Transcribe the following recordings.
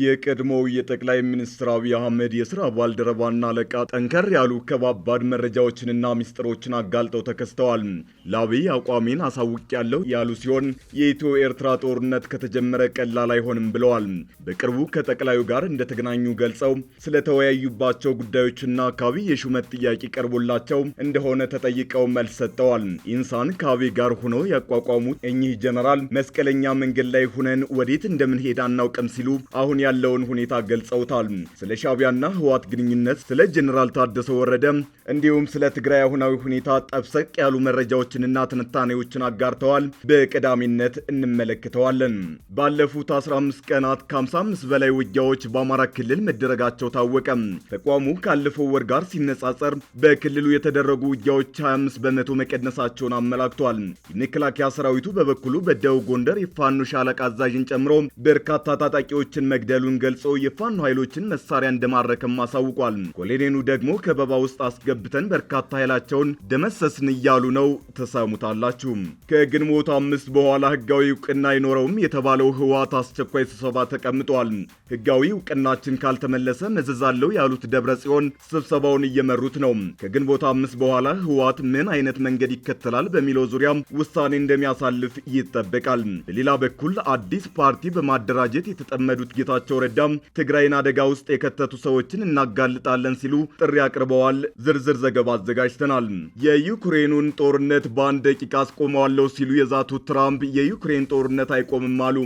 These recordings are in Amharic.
የቀድሞው የጠቅላይ ሚኒስትር አብይ አህመድ የስራ ባልደረባና አለቃ ጠንከር ያሉ ከባባድ መረጃዎችንና ሚስጥሮችን አጋልጠው ተከስተዋል። ለአብይ አቋሜን አሳውቅ ያለው ያሉ ሲሆን የኢትዮ ኤርትራ ጦርነት ከተጀመረ ቀላል አይሆንም ብለዋል። በቅርቡ ከጠቅላዩ ጋር እንደተገናኙ ገልጸው ስለተወያዩባቸው ጉዳዮችና ከአብይ የሹመት ጥያቄ ቀርቦላቸው እንደሆነ ተጠይቀው መልስ ሰጥተዋል። ኢንሳን ከአብይ ጋር ሆነው ያቋቋሙት እኚህ ጀነራል መስቀለኛ መንገድ ላይ ሁነን ወዴት እንደምንሄድ አናውቅም ሲሉ አሁን አሁን ያለውን ሁኔታ ገልጸውታል። ስለ ሻቢያና ህዋት ግንኙነት፣ ስለ ጀኔራል ታደሰ ወረደ እንዲሁም ስለ ትግራይ አሁናዊ ሁኔታ ጠብሰቅ ያሉ መረጃዎችንና ትንታኔዎችን አጋርተዋል። በቀዳሚነት እንመለከተዋለን። ባለፉት 15 ቀናት ከ55 በላይ ውጊያዎች በአማራ ክልል መደረጋቸው ታወቀ። ተቋሙ ካለፈው ወር ጋር ሲነጻጸር በክልሉ የተደረጉ ውጊያዎች 25 በመቶ መቀነሳቸውን አመላክቷል። የመከላከያ ሰራዊቱ በበኩሉ በደቡብ ጎንደር የፋኖ ሻለቃ አዛዥን ጨምሮ በርካታ ታጣቂዎችን መግደ መግደሉን ገልጾ የፋኖ ኃይሎችን መሳሪያ እንደማረከም አሳውቋል። ኮሎኔሉ ደግሞ ከበባ ውስጥ አስገብተን በርካታ ኃይላቸውን ደመሰስን እያሉ ነው። ተሰሙታላችሁ። ከግንቦት አምስት በኋላ ህጋዊ እውቅና አይኖረውም የተባለው ህወሓት አስቸኳይ ስብሰባ ተቀምጧል። ህጋዊ እውቅናችን ካልተመለሰ መዘዛለው አለው ያሉት ደብረ ጽዮን ስብሰባውን እየመሩት ነው። ከግንቦት አምስት በኋላ ህወሓት ምን አይነት መንገድ ይከተላል በሚለው ዙሪያም ውሳኔ እንደሚያሳልፍ ይጠበቃል። በሌላ በኩል አዲስ ፓርቲ በማደራጀት የተጠመዱት ጌታ ጌታቸው ረዳም ትግራይን አደጋ ውስጥ የከተቱ ሰዎችን እናጋልጣለን ሲሉ ጥሪ አቅርበዋል። ዝርዝር ዘገባ አዘጋጅተናል። የዩክሬኑን ጦርነት በአንድ ደቂቃ አስቆመዋለሁ ሲሉ የዛቱት ትራምፕ የዩክሬን ጦርነት አይቆምም አሉ።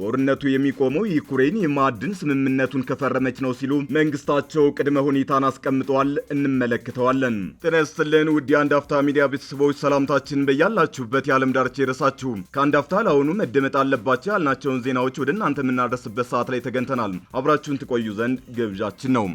ጦርነቱ የሚቆመው ዩክሬን የማዕድን ስምምነቱን ከፈረመች ነው ሲሉ መንግስታቸው ቅድመ ሁኔታን አስቀምጠዋል። እንመለከተዋለን። ጤና ይስጥልን ውድ የአንድ አፍታ ሚዲያ ቤተሰቦች ሰላምታችን በያላችሁበት የዓለም ዳርቻ ይድረሳችሁ። ከአንድ አፍታ ለአሁኑ መደመጥ አለባቸው ያልናቸውን ዜናዎች ወደ እናንተ የምናደርስበት ሰዓት ላይ ተገንተናል። አብራችሁን ትቆዩ ዘንድ ግብዣችን ነው።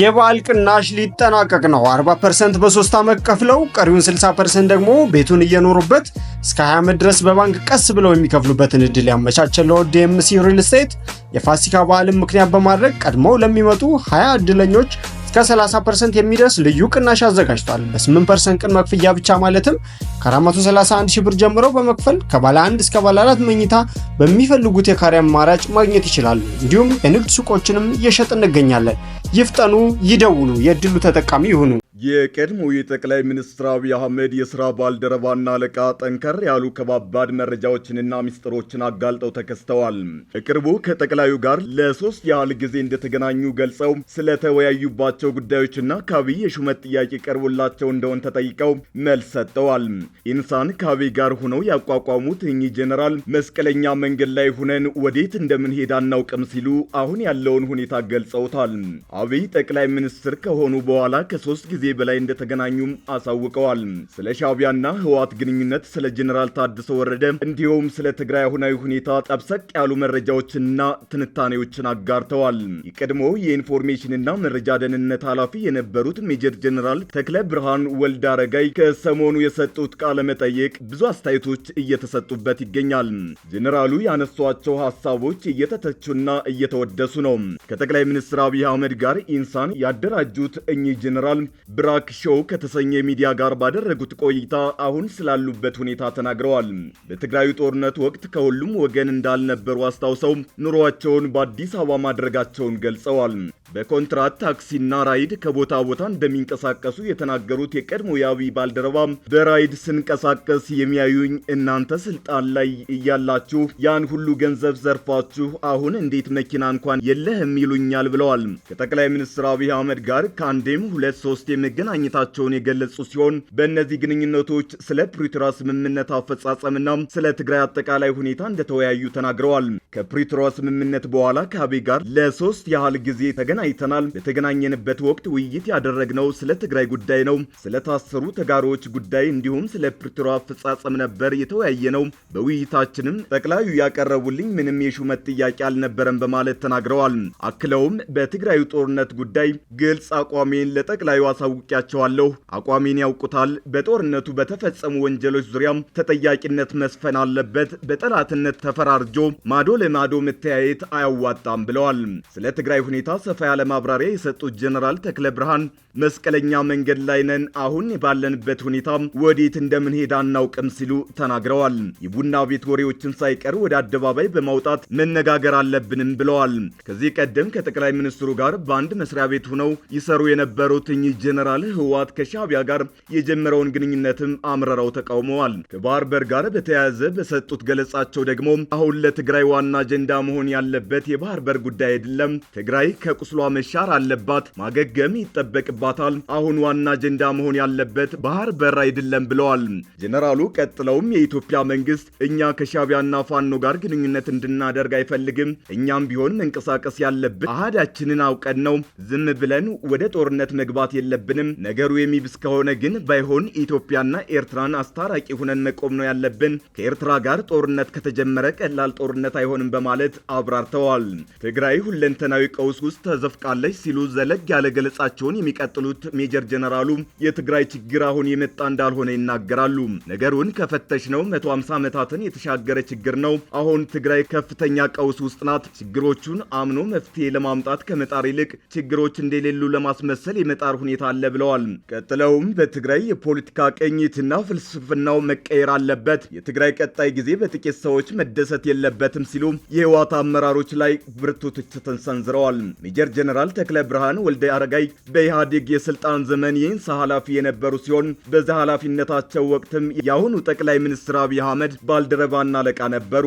የበዓል ቅናሽ ሊጠናቀቅ ነው። 40% በሶስት ዓመት ከፍለው ቀሪውን 60% ደግሞ ቤቱን እየኖሩበት እስከ 20 ዓመት ድረስ በባንክ ቀስ ብለው የሚከፍሉበትን እድል ያመቻቸለው ዲኤምሲ ሪል ስቴት የፋሲካ በዓልን ምክንያት በማድረግ ቀድመው ለሚመጡ 20 እድለኞች እስከ 30% የሚደርስ ልዩ ቅናሽ አዘጋጅቷል። በ8% ቅን መክፍያ ብቻ ማለትም ከ431 ሺህ ብር ጀምሮ በመክፈል ከባለ 1 እስከ ባለ 4 መኝታ በሚፈልጉት የካሬ አማራጭ ማግኘት ይችላሉ። እንዲሁም የንግድ ሱቆችንም እየሸጥ እንገኛለን። ይፍጠኑ፣ ይደውሉ፣ የእድሉ ተጠቃሚ ይሁኑ። የቀድሞው የጠቅላይ ሚኒስትር አብይ አህመድ የስራ ባልደረባና አለቃ ጠንከር ያሉ ከባባድ መረጃዎችንና ሚስጥሮችን አጋልጠው ተከስተዋል። እቅርቡ ከጠቅላዩ ጋር ለሶስት ያህል ጊዜ እንደተገናኙ ገልጸው ስለተወያዩባቸው ጉዳዮችና ከአብይ የሹመት ጥያቄ ቀርቦላቸው እንደሆን ተጠይቀው መልስ ሰጥተዋል። ኢንሳን ከአብይ ጋር ሆነው ያቋቋሙት እኚህ ጄኔራል መስቀለኛ መንገድ ላይ ሆነን ወዴት እንደምንሄድ አናውቅም ሲሉ አሁን ያለውን ሁኔታ ገልጸውታል። አብይ ጠቅላይ ሚኒስትር ከሆኑ በኋላ ከሶስት ጊዜ ጊዜ በላይ እንደተገናኙም አሳውቀዋል። ስለ ሻቢያና ህወሓት ግንኙነት፣ ስለ ጀኔራል ታደሰ ወረደ እንዲሁም ስለ ትግራይ አሁናዊ ሁኔታ ጠብሰቅ ያሉ መረጃዎችንና ትንታኔዎችን አጋርተዋል። የቀድሞ የኢንፎርሜሽንና መረጃ ደህንነት ኃላፊ የነበሩት ሜጀር ጀኔራል ተክለ ብርሃን ወልድ አረጋይ ከሰሞኑ የሰጡት ቃለ መጠይቅ ብዙ አስተያየቶች እየተሰጡበት ይገኛል። ጀኔራሉ ያነሷቸው ሀሳቦች እየተተቹና እየተወደሱ ነው። ከጠቅላይ ሚኒስትር አብይ አህመድ ጋር ኢንሳን ያደራጁት እኚህ ጀኔራል ብራክ ሾው ከተሰኘ ሚዲያ ጋር ባደረጉት ቆይታ አሁን ስላሉበት ሁኔታ ተናግረዋል። በትግራዩ ጦርነት ወቅት ከሁሉም ወገን እንዳልነበሩ አስታውሰው ኑሯቸውን በአዲስ አበባ ማድረጋቸውን ገልጸዋል። በኮንትራት ታክሲና ራይድ ከቦታ ቦታ እንደሚንቀሳቀሱ የተናገሩት የቀድሞ የአብይ ባልደረባ በራይድ ስንቀሳቀስ የሚያዩኝ እናንተ ስልጣን ላይ እያላችሁ ያን ሁሉ ገንዘብ ዘርፋችሁ አሁን እንዴት መኪና እንኳን የለህም ይሉኛል ብለዋል። ከጠቅላይ ሚኒስትር አብይ አህመድ ጋር ከአንዴም ሁለት የ መገናኘታቸውን የገለጹ ሲሆን በእነዚህ ግንኙነቶች ስለ ፕሪቶሪያ ስምምነት አፈጻጸምና ስለ ትግራይ አጠቃላይ ሁኔታ እንደተወያዩ ተናግረዋል። ከፕሪቶሪያ ስምምነት በኋላ ከአቤ ጋር ለሶስት ያህል ጊዜ ተገናኝተናል። በተገናኘንበት ወቅት ውይይት ያደረግነው ስለ ትግራይ ጉዳይ ነው፣ ስለታሰሩ ተጋሮች ጉዳይ እንዲሁም ስለ ፕሪቶሪያ አፈጻጸም ነበር የተወያየ ነው። በውይይታችንም ጠቅላዩ ያቀረቡልኝ ምንም የሹመት ጥያቄ አልነበረም በማለት ተናግረዋል። አክለውም በትግራዩ ጦርነት ጉዳይ ግልጽ አቋሜን ለጠቅላዩ አሳው አሳውቂያቸዋለሁ። አቋሜን ያውቁታል። በጦርነቱ በተፈጸሙ ወንጀሎች ዙሪያም ተጠያቂነት መስፈን አለበት። በጠላትነት ተፈራርጆ ማዶ ለማዶ መተያየት አያዋጣም ብለዋል። ስለ ትግራይ ሁኔታ ሰፋ ያለ ማብራሪያ የሰጡት ጀነራል ተክለ ብርሃን መስቀለኛ መንገድ ላይ ነን፣ አሁን ባለንበት ሁኔታ ወዴት እንደምንሄድ አናውቅም ሲሉ ተናግረዋል። የቡና ቤት ወሬዎችን ሳይቀር ወደ አደባባይ በማውጣት መነጋገር አለብንም ብለዋል። ከዚህ ቀደም ከጠቅላይ ሚኒስትሩ ጋር በአንድ መስሪያ ቤት ሆነው ይሰሩ የነበሩት እኚህ ጀነራል ጄኔራል ህወሓት ከሻቢያ ጋር የጀመረውን ግንኙነትም አምረረው ተቃውመዋል። ከባህር በር ጋር በተያያዘ በሰጡት ገለጻቸው ደግሞ አሁን ለትግራይ ዋና አጀንዳ መሆን ያለበት የባህር በር ጉዳይ አይደለም። ትግራይ ከቁስሏ መሻር አለባት፣ ማገገም ይጠበቅባታል። አሁን ዋና አጀንዳ መሆን ያለበት ባህር በር አይደለም ብለዋል ጀነራሉ ቀጥለውም የኢትዮጵያ መንግስት እኛ ከሻቢያና ፋኖ ጋር ግንኙነት እንድናደርግ አይፈልግም። እኛም ቢሆን መንቀሳቀስ ያለብን አህዳችንን አውቀን ነው። ዝም ብለን ወደ ጦርነት መግባት የለብን የለብንም። ነገሩ የሚብስ ከሆነ ግን ባይሆን ኢትዮጵያና ኤርትራን አስታራቂ ሁነን መቆም ነው ያለብን። ከኤርትራ ጋር ጦርነት ከተጀመረ ቀላል ጦርነት አይሆንም በማለት አብራርተዋል። ትግራይ ሁለንተናዊ ቀውስ ውስጥ ተዘፍቃለች ሲሉ ዘለግ ያለ ገለጻቸውን የሚቀጥሉት ሜጀር ጀነራሉ የትግራይ ችግር አሁን የመጣ እንዳልሆነ ይናገራሉ። ነገሩን ከፈተሽ ነው 150 ዓመታትን የተሻገረ ችግር ነው። አሁን ትግራይ ከፍተኛ ቀውስ ውስጥ ናት። ችግሮቹን አምኖ መፍትሄ ለማምጣት ከመጣር ይልቅ ችግሮች እንደሌሉ ለማስመሰል የመጣር ሁኔታ አለ አለ ብለዋል። ቀጥለውም በትግራይ የፖለቲካ ቅኝትና ፍልስፍናው መቀየር አለበት፣ የትግራይ ቀጣይ ጊዜ በጥቂት ሰዎች መደሰት የለበትም ሲሉ የህወሓት አመራሮች ላይ ብርቱ ትችትን ሰንዝረዋል። ሜጀር ጀነራል ተክለ ብርሃን ወልደ አረጋይ በኢህአዴግ የስልጣን ዘመን የኢንሳ ኃላፊ የነበሩ ሲሆን በዛ ኃላፊነታቸው ወቅትም የአሁኑ ጠቅላይ ሚኒስትር አብይ አህመድ ባልደረባና አለቃ ነበሩ።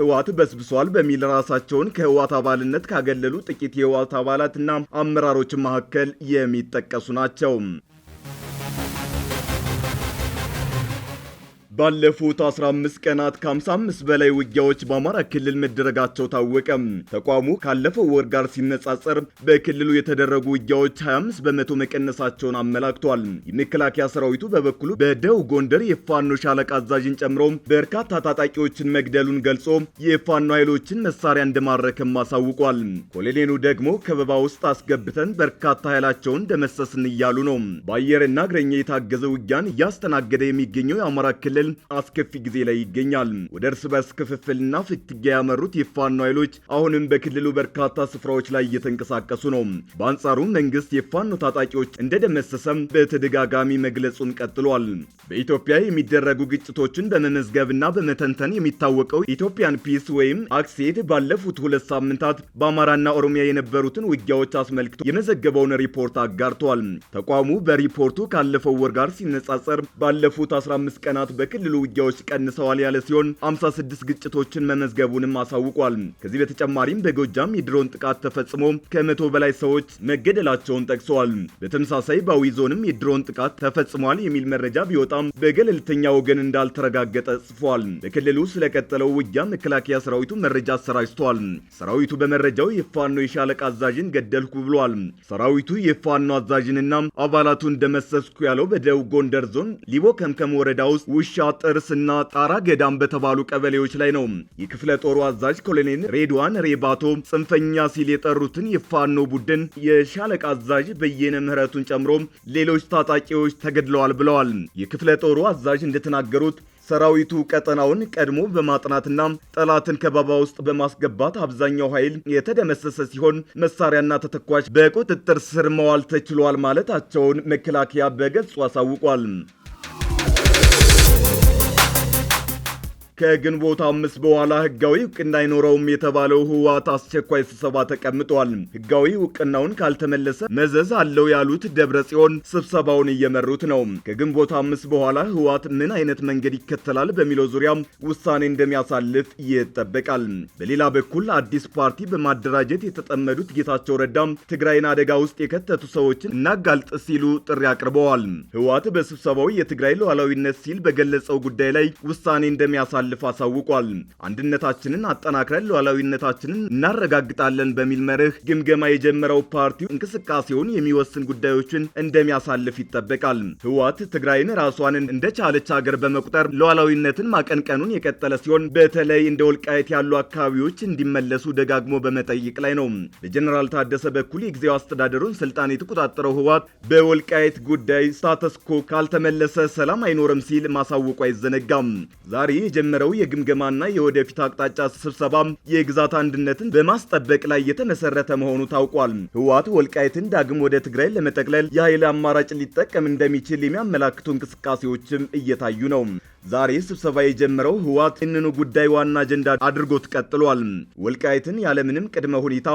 ህወሓት በስብሷል በሚል ራሳቸውን ከህወሓት አባልነት ካገለሉ ጥቂት የህወሓት አባላትና አመራሮች መካከል የሚጠቀሱ ናቸው። 唔 ባለፉት 15 ቀናት ከ55 በላይ ውጊያዎች በአማራ ክልል መደረጋቸው ታወቀ። ተቋሙ ካለፈው ወር ጋር ሲነጻጸር በክልሉ የተደረጉ ውጊያዎች 25 በመቶ መቀነሳቸውን አመላክቷል። የመከላከያ ሰራዊቱ በበኩሉ በደቡብ ጎንደር የፋኖ ሻለቃ አዛዥን ጨምሮ በርካታ ታጣቂዎችን መግደሉን ገልጾ የፋኖ ኃይሎችን መሳሪያ እንደማረከም አሳውቋል። ኮሎኔሉ ደግሞ ከበባ ውስጥ አስገብተን በርካታ ኃይላቸውን ደመሰስን እያሉ ነው። በአየርና እግረኛ የታገዘ ውጊያን እያስተናገደ የሚገኘው የአማራ ክልል አስከፊ ጊዜ ላይ ይገኛል። ወደ እርስ በርስ ክፍፍልና ፍትጊያ ያመሩት የፋኖ ኃይሎች አሁንም በክልሉ በርካታ ስፍራዎች ላይ እየተንቀሳቀሱ ነው። በአንጻሩ መንግስት የፋኖ ታጣቂዎች እንደደመሰሰም በተደጋጋሚ መግለጹን ቀጥሏል። በኢትዮጵያ የሚደረጉ ግጭቶችን በመመዝገብና በመተንተን የሚታወቀው ኢትዮጵያን ፒስ ወይም አክሴድ ባለፉት ሁለት ሳምንታት በአማራና ኦሮሚያ የነበሩትን ውጊያዎች አስመልክቶ የመዘገበውን ሪፖርት አጋርቷል። ተቋሙ በሪፖርቱ ካለፈው ወር ጋር ሲነጻጸር ባለፉት 15 ቀናት በ የክልሉ ውጊያዎች ቀንሰዋል ያለ ሲሆን 56 ግጭቶችን መመዝገቡንም አሳውቋል። ከዚህ በተጨማሪም በጎጃም የድሮን ጥቃት ተፈጽሞ ከመቶ በላይ ሰዎች መገደላቸውን ጠቅሰዋል። በተመሳሳይ ባዊ ዞንም የድሮን ጥቃት ተፈጽሟል የሚል መረጃ ቢወጣም በገለልተኛ ወገን እንዳልተረጋገጠ ጽፏል። በክልሉ ስለቀጠለው ውጊያ መከላከያ ሰራዊቱ መረጃ አሰራጅቷል። ሰራዊቱ በመረጃው የፋኖ የሻለቃ አዛዥን ገደልኩ ብሏል። ሰራዊቱ የፋኖ አዛዥንና አባላቱን ደመሰስኩ ያለው በደቡብ ጎንደር ዞን ሊቦ ከምከም ወረዳ ውስጥ ውሻ ጥርስና ጣራ ገዳም በተባሉ ቀበሌዎች ላይ ነው። የክፍለ ጦሩ አዛዥ ኮሎኔል ሬድዋን ሬባቶ ጽንፈኛ ሲል የጠሩትን የፋኖ ቡድን የሻለቃ አዛዥ በየነ ምህረቱን ጨምሮ ሌሎች ታጣቂዎች ተገድለዋል ብለዋል። የክፍለ ጦሩ አዛዥ እንደተናገሩት ሰራዊቱ ቀጠናውን ቀድሞ በማጥናትና ጠላትን ከበባ ውስጥ በማስገባት አብዛኛው ኃይል የተደመሰሰ ሲሆን መሳሪያና ተተኳሽ በቁጥጥር ስር መዋል ተችሏል ማለታቸውን መከላከያ በገጹ አሳውቋል። ከግንቦት አምስት በኋላ ህጋዊ እውቅና አይኖረውም የተባለው ህወሓት አስቸኳይ ስብሰባ ተቀምጧል። ህጋዊ እውቅናውን ካልተመለሰ መዘዝ አለው ያሉት ደብረ ጽዮን ስብሰባውን እየመሩት ነው። ከግንቦት አምስት በኋላ ህወሓት ምን አይነት መንገድ ይከተላል በሚለው ዙሪያም ውሳኔ እንደሚያሳልፍ ይጠበቃል። በሌላ በኩል አዲስ ፓርቲ በማደራጀት የተጠመዱት ጌታቸው ረዳም ትግራይን አደጋ ውስጥ የከተቱ ሰዎችን እናጋልጥ ሲሉ ጥሪ አቅርበዋል። ህወሓት በስብሰባው የትግራይ ሉዓላዊነት ሲል በገለጸው ጉዳይ ላይ ውሳኔ እንደሚያሳልፍ አሳልፎ አሳውቋል። አንድነታችንን አጠናክረን ሉዓላዊነታችንን እናረጋግጣለን በሚል መርህ ግምገማ የጀመረው ፓርቲው እንቅስቃሴውን የሚወስን ጉዳዮችን እንደሚያሳልፍ ይጠበቃል። ህወሓት ትግራይን ራሷን እንደቻለች ሀገር በመቁጠር ሉዓላዊነትን ማቀንቀኑን የቀጠለ ሲሆን በተለይ እንደ ወልቃየት ያሉ አካባቢዎች እንዲመለሱ ደጋግሞ በመጠይቅ ላይ ነው። በጀኔራል ታደሰ በኩል የጊዜው አስተዳደሩን ስልጣን የተቆጣጠረው ህወሓት በወልቃይት ጉዳይ ስታተስኮ ካልተመለሰ ሰላም አይኖርም ሲል ማሳወቁ አይዘነጋም። ዛሬ የጀመ የተጀመረው የግምገማና የወደፊት አቅጣጫ ስብሰባ የግዛት አንድነትን በማስጠበቅ ላይ የተመሰረተ መሆኑ ታውቋል። ህወሓት ወልቃይትን ዳግም ወደ ትግራይ ለመጠቅለል የኃይል አማራጭ ሊጠቀም እንደሚችል የሚያመላክቱ እንቅስቃሴዎችም እየታዩ ነው። ዛሬ ስብሰባ የጀመረው ህወሓት ይህንኑ ጉዳይ ዋና አጀንዳ አድርጎት ቀጥሏል። ወልቃይትን ያለምንም ቅድመ ሁኔታ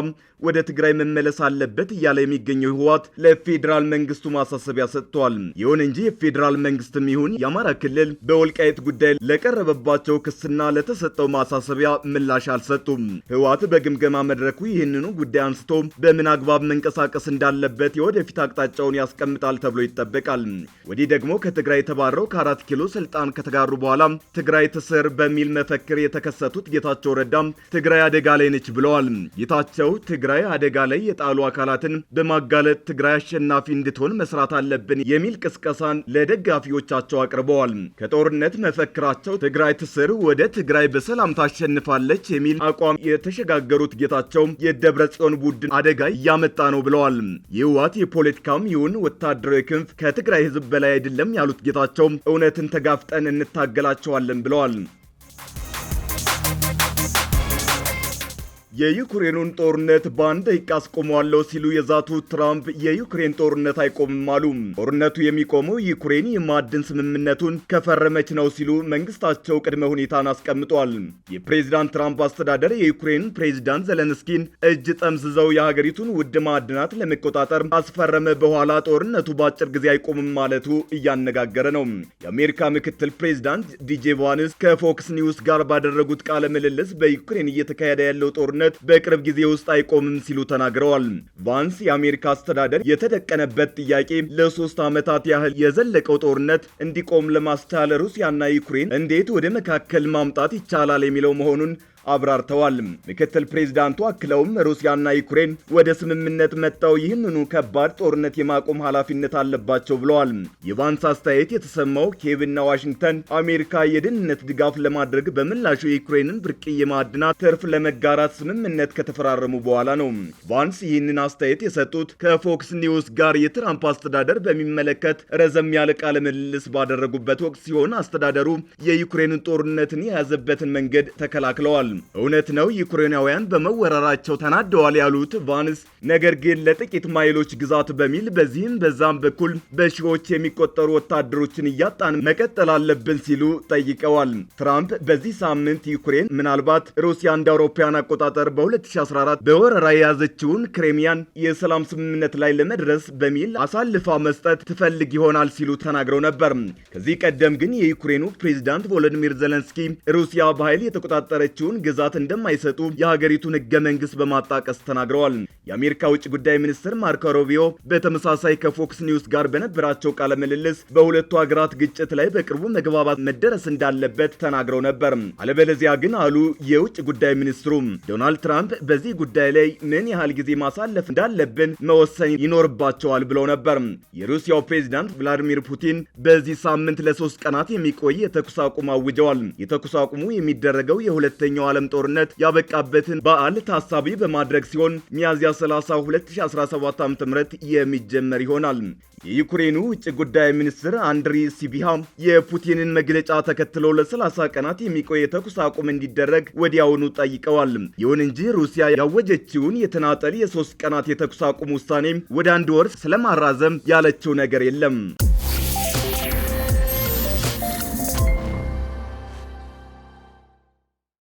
ወደ ትግራይ መመለስ አለበት እያለ የሚገኘው ህወሓት ለፌዴራል መንግስቱ ማሳሰቢያ ሰጥቷል። ይሁን እንጂ የፌዴራል መንግስትም ይሁን የአማራ ክልል በወልቃይት ጉዳይ ለቀረበባቸው ክስና ለተሰጠው ማሳሰቢያ ምላሽ አልሰጡም። ህወሓት በግምገማ መድረኩ ይህንኑ ጉዳይ አንስቶ በምን አግባብ መንቀሳቀስ እንዳለበት የወደፊት አቅጣጫውን ያስቀምጣል ተብሎ ይጠበቃል። ወዲህ ደግሞ ከትግራይ የተባረው ከአራት ኪሎ ስልጣን ከተጋ ከተጋሩ በኋላ ትግራይ ትስር በሚል መፈክር የተከሰቱት ጌታቸው ረዳ ትግራይ አደጋ ላይ ነች ብለዋል። ጌታቸው ትግራይ አደጋ ላይ የጣሉ አካላትን በማጋለጥ ትግራይ አሸናፊ እንድትሆን መስራት አለብን የሚል ቅስቀሳን ለደጋፊዎቻቸው አቅርበዋል። ከጦርነት መፈክራቸው ትግራይ ትስር ወደ ትግራይ በሰላም ታሸንፋለች የሚል አቋም የተሸጋገሩት ጌታቸው የደብረ ጽዮን ቡድን አደጋ እያመጣ ነው ብለዋል። የህወሓት የፖለቲካም ይሁን ወታደራዊ ክንፍ ከትግራይ ህዝብ በላይ አይደለም ያሉት ጌታቸው እውነትን ተጋፍጠን እንታገላቸዋለን ብለዋል። የዩክሬኑን ጦርነት በአንድ ደቂቃ አስቆመዋለሁ ሲሉ የዛቱ ትራምፕ የዩክሬን ጦርነት አይቆምም አሉ። ጦርነቱ የሚቆመው ዩክሬን የማዕድን ስምምነቱን ከፈረመች ነው ሲሉ መንግስታቸው ቅድመ ሁኔታን አስቀምጧል። የፕሬዚዳንት ትራምፕ አስተዳደር የዩክሬን ፕሬዚዳንት ዘለንስኪን እጅ ጠምዝዘው የሀገሪቱን ውድ ማዕድናት ለመቆጣጠር አስፈረመ በኋላ ጦርነቱ በአጭር ጊዜ አይቆምም ማለቱ እያነጋገረ ነው። የአሜሪካ ምክትል ፕሬዚዳንት ዲጄ ቫንስ ከፎክስ ኒውስ ጋር ባደረጉት ቃለ ምልልስ በዩክሬን እየተካሄደ ያለው ጦርነት ጦርነት በቅርብ ጊዜ ውስጥ አይቆምም ሲሉ ተናግረዋል። ቫንስ የአሜሪካ አስተዳደር የተደቀነበት ጥያቄ ለሶስት ዓመታት ያህል የዘለቀው ጦርነት እንዲቆም ለማስቻል ሩሲያና ዩክሬን እንዴት ወደ መካከል ማምጣት ይቻላል የሚለው መሆኑን አብራርተዋል። ምክትል ፕሬዚዳንቱ አክለውም ሩሲያና ዩክሬን ወደ ስምምነት መጥተው ይህንኑ ከባድ ጦርነት የማቆም ኃላፊነት አለባቸው ብለዋል። የቫንስ አስተያየት የተሰማው ኬቭና ዋሽንግተን አሜሪካ የደህንነት ድጋፍ ለማድረግ በምላሹ የዩክሬንን ብርቅዬ ማዕድናት ትርፍ ለመጋራት ስምምነት ከተፈራረሙ በኋላ ነው። ቫንስ ይህንን አስተያየት የሰጡት ከፎክስ ኒውስ ጋር የትራምፕ አስተዳደር በሚመለከት ረዘም ያለ ቃለ ምልልስ ባደረጉበት ወቅት ሲሆን አስተዳደሩ የዩክሬንን ጦርነትን የያዘበትን መንገድ ተከላክለዋል። እውነት ነው ዩክሬናውያን በመወረራቸው ተናደዋል ያሉት ቫንስ፣ ነገር ግን ለጥቂት ማይሎች ግዛት በሚል በዚህም በዛም በኩል በሺዎች የሚቆጠሩ ወታደሮችን እያጣን መቀጠል አለብን ሲሉ ጠይቀዋል። ትራምፕ በዚህ ሳምንት ዩክሬን ምናልባት ሩሲያ እንደ አውሮፓውያን አቆጣጠር በ2014 በወረራ የያዘችውን ክሬሚያን የሰላም ስምምነት ላይ ለመድረስ በሚል አሳልፋ መስጠት ትፈልግ ይሆናል ሲሉ ተናግረው ነበር። ከዚህ ቀደም ግን የዩክሬኑ ፕሬዚዳንት ቮሎዲሚር ዘለንስኪ ሩሲያ በኃይል የተቆጣጠረችውን የአሜሪካን ግዛት እንደማይሰጡ የሀገሪቱን ህገ መንግስት በማጣቀስ ተናግረዋል። የአሜሪካ ውጭ ጉዳይ ሚኒስትር ማርኮ ሮቢዮ በተመሳሳይ ከፎክስ ኒውስ ጋር በነበራቸው ቃለ ምልልስ በሁለቱ ሀገራት ግጭት ላይ በቅርቡ መግባባት መደረስ እንዳለበት ተናግረው ነበር። አለበለዚያ ግን አሉ የውጭ ጉዳይ ሚኒስትሩ ዶናልድ ትራምፕ በዚህ ጉዳይ ላይ ምን ያህል ጊዜ ማሳለፍ እንዳለብን መወሰን ይኖርባቸዋል ብለው ነበር። የሩሲያው ፕሬዚዳንት ቭላዲሚር ፑቲን በዚህ ሳምንት ለሶስት ቀናት የሚቆይ የተኩስ አቁም አውጀዋል። የተኩስ አቁሙ የሚደረገው የሁለተኛው ዓለም ጦርነት ያበቃበትን በዓል ታሳቢ በማድረግ ሲሆን ሚያዝያ 30 2017 ዓ.ም የሚጀመር ይሆናል። የዩክሬኑ ውጭ ጉዳይ ሚኒስትር አንድሪ ሲቢሃ የፑቲንን መግለጫ ተከትሎ ለ30 ቀናት የሚቆይ የተኩስ አቁም እንዲደረግ ወዲያውኑ ጠይቀዋል። ይሁን እንጂ ሩሲያ ያወጀችውን የተናጠል የሶስት ቀናት የተኩስ አቁም ውሳኔ ወደ አንድ ወር ስለማራዘም ያለችው ነገር የለም።